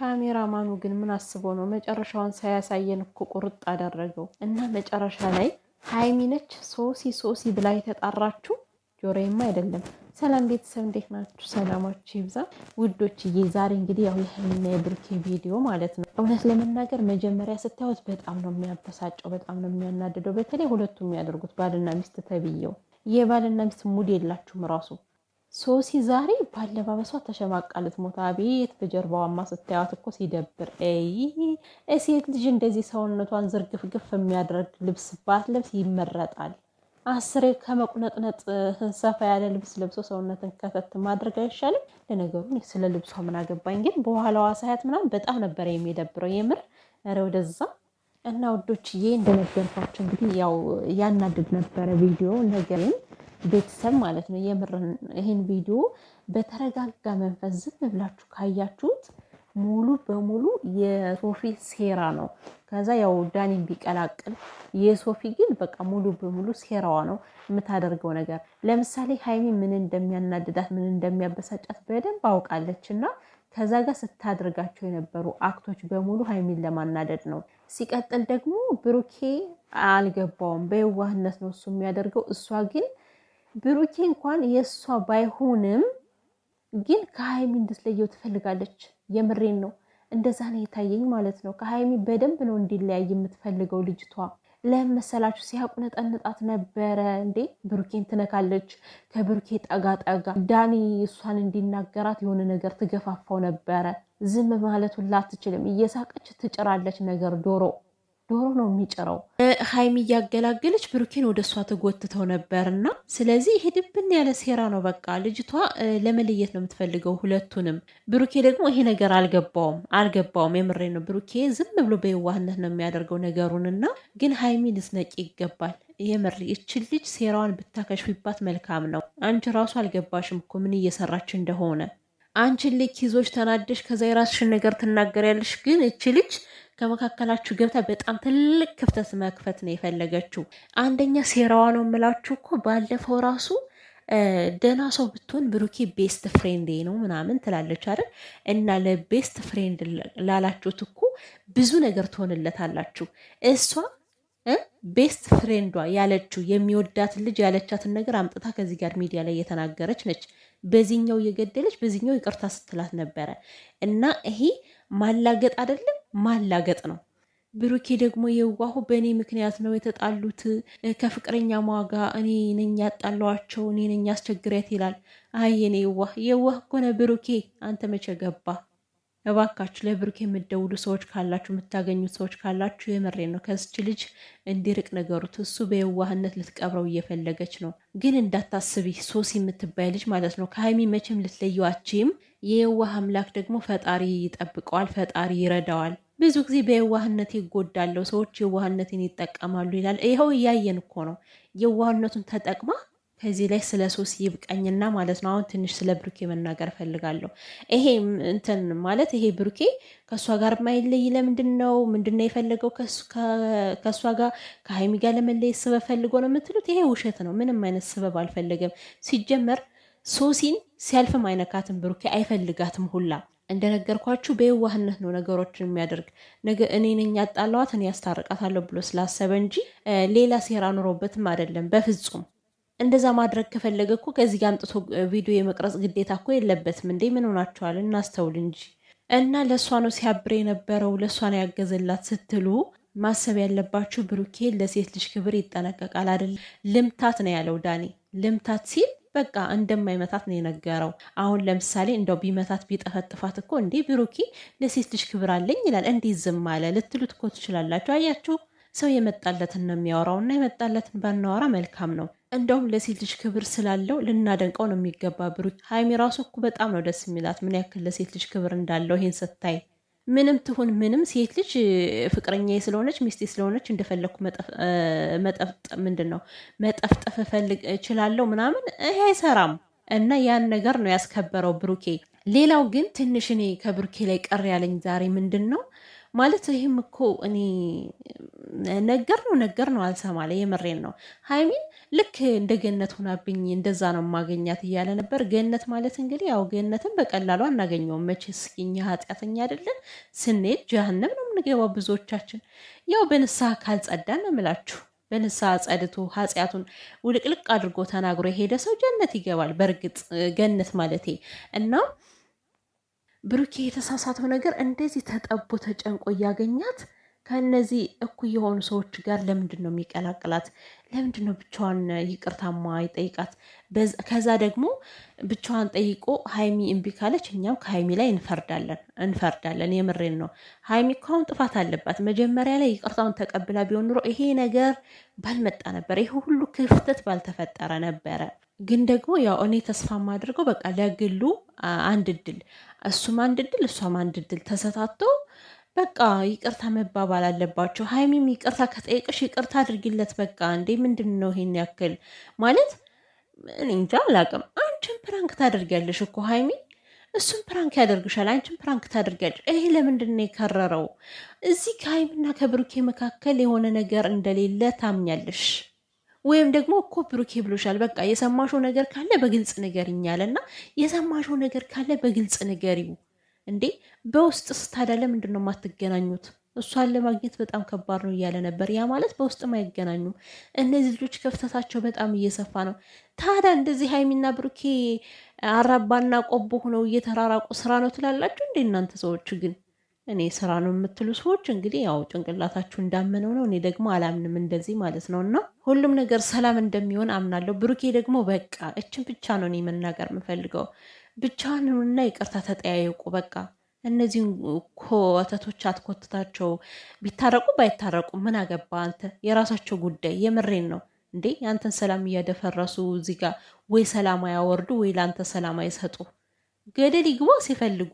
ካሜራማኑ ግን ምን አስቦ ነው? መጨረሻውን ሳያሳየን እኮ ቁርጥ አደረገው እና መጨረሻ ላይ ሀይሚነች ሶሲ ሶሲ ብላ የተጣራችሁ ጆሮዬማ አይደለም። ሰላም ቤተሰብ እንዴት ናችሁ? ሰላማችሁ ይብዛ ውዶችዬ። ዛሬ እንግዲህ ያው የሀይሚና የብሩኬ ቪዲዮ ማለት ነው። እውነት ለመናገር መጀመሪያ ስታዩት በጣም ነው የሚያበሳጨው፣ በጣም ነው የሚያናድደው። በተለይ ሁለቱ የሚያደርጉት ባልና ሚስት ተብዬው የባልና ሚስት ሙድ የላችሁም ራሱ ሶሲ ዛሬ ባለባበሷ ተሸማቃ ልትሞት አቤት! በጀርባዋማ ስታያት እኮ ሲደብር። ይ ሴት ልጅ እንደዚህ ሰውነቷን ዝርግፍግፍ የሚያደርግ ልብስ ባትለብስ ይመረጣል። አስሬ ከመቁነጥነጥ ሰፋ ያለ ልብስ ለብሶ ሰውነትን ከተት ማድረግ አይሻልም? ለነገሩ ስለ ልብሷ ምን አገባኝ፣ ግን በኋላዋ ሳያት ምናምን በጣም ነበረ የሚደብረው የምር ረ ወደዛ እና ውዶችዬ እንደነገርኳቸው እንግዲህ ያው ያናድድ ነበረ ቪዲዮ ነገርን ቤተሰብ ማለት ነው። የምርን ይህን ቪዲዮ በተረጋጋ መንፈስ ዝም ብላችሁ ካያችሁት ሙሉ በሙሉ የሶፊ ሴራ ነው። ከዛ ያው ዳኒ ቢቀላቅል የሶፊ ግን በቃ ሙሉ በሙሉ ሴራዋ ነው የምታደርገው ነገር። ለምሳሌ ሀይሚ ምን እንደሚያናድዳት ምን እንደሚያበሳጫት በደንብ አውቃለች እና ከዛ ጋር ስታደርጋቸው የነበሩ አክቶች በሙሉ ሀይሚን ለማናደድ ነው። ሲቀጥል ደግሞ ብሩኬ አልገባውም፣ በየዋህነት ነው እሱ የሚያደርገው እሷ ግን ብሩኬ እንኳን የእሷ ባይሆንም ግን ከሀይሚ እንድትለየው ትፈልጋለች። የምሬን ነው፣ እንደዛ ነው የታየኝ ማለት ነው። ከሀይሚ በደንብ ነው እንዲለያይ የምትፈልገው ልጅቷ። ለምን መሰላችሁ? ሲያቁነጠንጣት ነበረ። እንዴ ብሩኬን ትነካለች፣ ከብሩኬ ጠጋ ጠጋ። ዳኒ እሷን እንዲናገራት የሆነ ነገር ትገፋፋው ነበረ። ዝም ማለቱን ላትችልም፣ እየሳቀች ትጭራለች ነገር ዶሮ ዶሮ ነው የሚጭረው። ሀይሚ እያገላገለች ብሩኬን ወደ እሷ ተጎትተው ነበር እና ስለዚህ ይሄ ድብን ያለ ሴራ ነው። በቃ ልጅቷ ለመለየት ነው የምትፈልገው ሁለቱንም። ብሩኬ ደግሞ ይሄ ነገር አልገባውም አልገባውም። የምሬ ነው። ብሩኬ ዝም ብሎ በየዋህነት ነው የሚያደርገው ነገሩንና ግን ሀይሚ ልትነቂ ይገባል። የምር ይችን ልጅ ሴራዋን ብታከሽፊባት መልካም ነው። አንቺ ራሱ አልገባሽም እኮ ምን እየሰራች እንደሆነ አንቺን ልክ ይዞች ተናደሽ ከዛ የራስሽን ነገር ትናገሪያለሽ። ግን እች ልጅ ከመካከላችሁ ገብታ በጣም ትልቅ ክፍተት መክፈት ነው የፈለገችው። አንደኛ ሴራዋ ነው የምላችሁ እኮ ባለፈው ራሱ ደህና ሰው ብትሆን ብሩኬ ቤስት ፍሬንድ ነው ምናምን ትላለች አይደል? እና ለቤስት ፍሬንድ ላላችሁት እኮ ብዙ ነገር ትሆንለታላችሁ እሷ ቤስት ፍሬንዷ ያለችው የሚወዳትን ልጅ ያለቻትን ነገር አምጥታ ከዚህ ጋር ሚዲያ ላይ እየተናገረች ነች። በዚህኛው እየገደለች በዚህኛው ይቅርታ ስትላት ነበረ። እና ይሄ ማላገጥ አይደለም ማላገጥ ነው። ብሩኬ ደግሞ የዋሁ በእኔ ምክንያት ነው የተጣሉት፣ ከፍቅረኛ ዋጋ እኔ ነኝ ያጣለዋቸው፣ እኔ ነኝ አስቸግሪያት ይላል። አይ የኔ የዋህ የዋህ እኮ ነው ብሩኬ። አንተ መቼ ገባ እባካችሁ ለብሩክ የምደውሉ ሰዎች ካላችሁ፣ የምታገኙት ሰዎች ካላችሁ የመሬ ነው ከስች ልጅ እንዲርቅ ነገሩት። እሱ በየዋህነት ልትቀብረው እየፈለገች ነው። ግን እንዳታስቢ ሶሲ የምትባይ ልጅ ማለት ነው ከሀይሚ መቼም ልትለየዋችም። የየዋህ አምላክ ደግሞ ፈጣሪ ይጠብቀዋል፣ ፈጣሪ ይረዳዋል። ብዙ ጊዜ በየዋህነት ይጎዳለው፣ ሰዎች የዋህነትን ይጠቀማሉ ይላል። ይኸው እያየን እኮ ነው። የዋህነቱን ተጠቅማ ከዚህ ላይ ስለ ሶሲ ይብቃኝና ማለት ነው። አሁን ትንሽ ስለ ብሩኬ መናገር ፈልጋለሁ። ይሄ እንትን ማለት ይሄ ብሩኬ ከእሷ ጋር ማይለይ ለምንድን ነው? ምንድን ነው የፈለገው ከእሷ ጋር ከሀይሚ ጋር ለመለየት ስበብ ፈልጎ ነው የምትሉት? ይሄ ውሸት ነው። ምንም አይነት ስበብ አልፈለገም። ሲጀመር ሶሲን ሲያልፍም አይነካትም። ብሩኬ አይፈልጋትም ሁላ እንደነገርኳችሁ በየዋህነት ነው ነገሮችን የሚያደርግ። ነገ እኔ ነኝ እኔ ያስታርቃታለሁ ብሎ ስላሰበ እንጂ ሌላ ሴራ ኑሮበትም አይደለም በፍጹም። እንደዛ ማድረግ ከፈለገ እኮ ከዚህ ጋር አምጥቶ ቪዲዮ የመቅረጽ ግዴታ እኮ የለበትም እንዴ! ምን ሆናችኋል? እናስተውል እንጂ እና ለእሷ ነው ሲያብር የነበረው ለእሷ ነው ያገዘላት ስትሉ ማሰብ ያለባችሁ ብሩኬ ለሴት ልጅ ክብር ይጠነቀቃል። አይደል ልምታት ነው ያለው ዳኒ። ልምታት ሲል በቃ እንደማይመታት ነው የነገረው። አሁን ለምሳሌ እንደው ቢመታት ቢጠፈጥፋት እኮ እንዴ ብሩኬ ለሴት ልጅ ክብር አለኝ ይላል እንዴ ዝም አለ ልትሉት እኮ ትችላላችሁ። አያችሁ ሰው የመጣለትን ነው የሚያወራው እና የመጣለትን ባናወራ መልካም ነው። እንደውም ለሴት ልጅ ክብር ስላለው ልናደንቀው ነው የሚገባ። ብሩ ሀይሚ ራሱ እኮ በጣም ነው ደስ የሚላት ምን ያክል ለሴት ልጅ ክብር እንዳለው ይሄን ስታይ ምንም ትሁን ምንም ሴት ልጅ ፍቅረኛ ስለሆነች ሚስቴ ስለሆነች እንደፈለግኩ መጠፍጥ ምንድን ነው መጠፍጠፍ እፈልግ እችላለሁ ምናምን ይሄ አይሰራም። እና ያን ነገር ነው ያስከበረው ብሩኬ። ሌላው ግን ትንሽ እኔ ከብሩኬ ላይ ቀር ያለኝ ዛሬ ምንድን ነው ማለት ይህም እኮ እኔ ነገር ነው ነገር ነው አልሰማለ የምሬን ነው። ሀይሚን ልክ እንደ ገነት ሆናብኝ እንደዛ ነው ማገኛት እያለ ነበር። ገነት ማለት እንግዲህ ያው ገነትን በቀላሉ አናገኘውም መቼ እስኪኛ ኃጢአተኛ አይደለን ስንሄድ ጀሃንም ነው የምንገባው። ብዙዎቻችን ያው በንስሐ ካልጸዳን ነው የምላችሁ በንስሐ ጸድቶ ኃጢአቱን ውልቅልቅ አድርጎ ተናግሮ የሄደ ሰው ጀነት ይገባል። በእርግጥ ገነት ማለቴ እና ብሩኬ የተሳሳተው ነገር እንደዚህ ተጠቦ ተጨንቆ እያገኛት ከእነዚህ እኩይ የሆኑ ሰዎች ጋር ለምንድን ነው የሚቀላቅላት? ለምንድን ነው ብቻዋን ይቅርታማ ይጠይቃት? ከዛ ደግሞ ብቻዋን ጠይቆ ሀይሚ እምቢ ካለች እኛም ከሀይሚ ላይ እንፈርዳለን እንፈርዳለን። የምሬን ነው። ሀይሚ እኮ አሁን ጥፋት አለባት። መጀመሪያ ላይ ይቅርታውን ተቀብላ ቢሆን ኑሮ ይሄ ነገር ባልመጣ ነበረ፣ ይሄ ሁሉ ክፍተት ባልተፈጠረ ነበረ። ግን ደግሞ ያው እኔ ተስፋ ማድርገው በቃ ለግሉ አንድ እድል እሱም አንድ እድል እሷም አንድ እድል ተሰታቶ በቃ ይቅርታ መባባል አለባቸው። ሀይሚም ይቅርታ ከጠየቅሽ ይቅርታ አድርጊለት። በቃ እንዴ ምንድን ነው ይሄን ያክል ማለት እኔ እንጃ አላቅም። አንቺን ፕራንክ ታደርጊያለሽ እኮ ሀይሚ እሱም ፕራንክ ያደርግሻል፣ አንቺም ፕራንክ ታደርጊያለሽ። ይሄ ለምንድን ነው የከረረው? እዚህ ከሀይሚና ከብሩኬ መካከል የሆነ ነገር እንደሌለ ታምኛለሽ። ወይም ደግሞ እኮ ብሩኬ ብሎሻል፣ በቃ የሰማሽው ነገር ካለ በግልጽ ንገሪኝ አለና የሰማሽው ነገር ካለ በግልጽ ንገሪው። እንዴ በውስጥ ስታዳለ ምንድን ነው የማትገናኙት? እሷን ለማግኘት በጣም ከባድ ነው እያለ ነበር። ያ ማለት በውስጥም አይገናኙም። እነዚህ ልጆች ክፍተታቸው በጣም እየሰፋ ነው። ታዲያ እንደዚህ ሀይሚና ብሩኬ አራባና ቆቦ ሆነው እየተራራቁ ስራ ነው ትላላችሁ እንዴ እናንተ ሰዎች ግን እኔ ስራ ነው የምትሉ ሰዎች እንግዲህ ያው ጭንቅላታችሁ እንዳመነው ነው። እኔ ደግሞ አላምንም እንደዚህ ማለት ነው። እና ሁሉም ነገር ሰላም እንደሚሆን አምናለሁ። ብሩኬ ደግሞ በቃ እችን ብቻ ነው እኔ መናገር የምፈልገው፣ ብቻንና ይቅርታ ተጠያየቁ። በቃ እነዚህን ኮተቶች አትኮትታቸው። ቢታረቁ ባይታረቁ ምን አገባ አንተ፣ የራሳቸው ጉዳይ። የምሬን ነው እንዴ የአንተን ሰላም እያደፈረሱ እዚህ ጋር ወይ ሰላም አያወርዱ ወይ ለአንተ ሰላም አይሰጡ። ገደል ይግባ ሲፈልጉ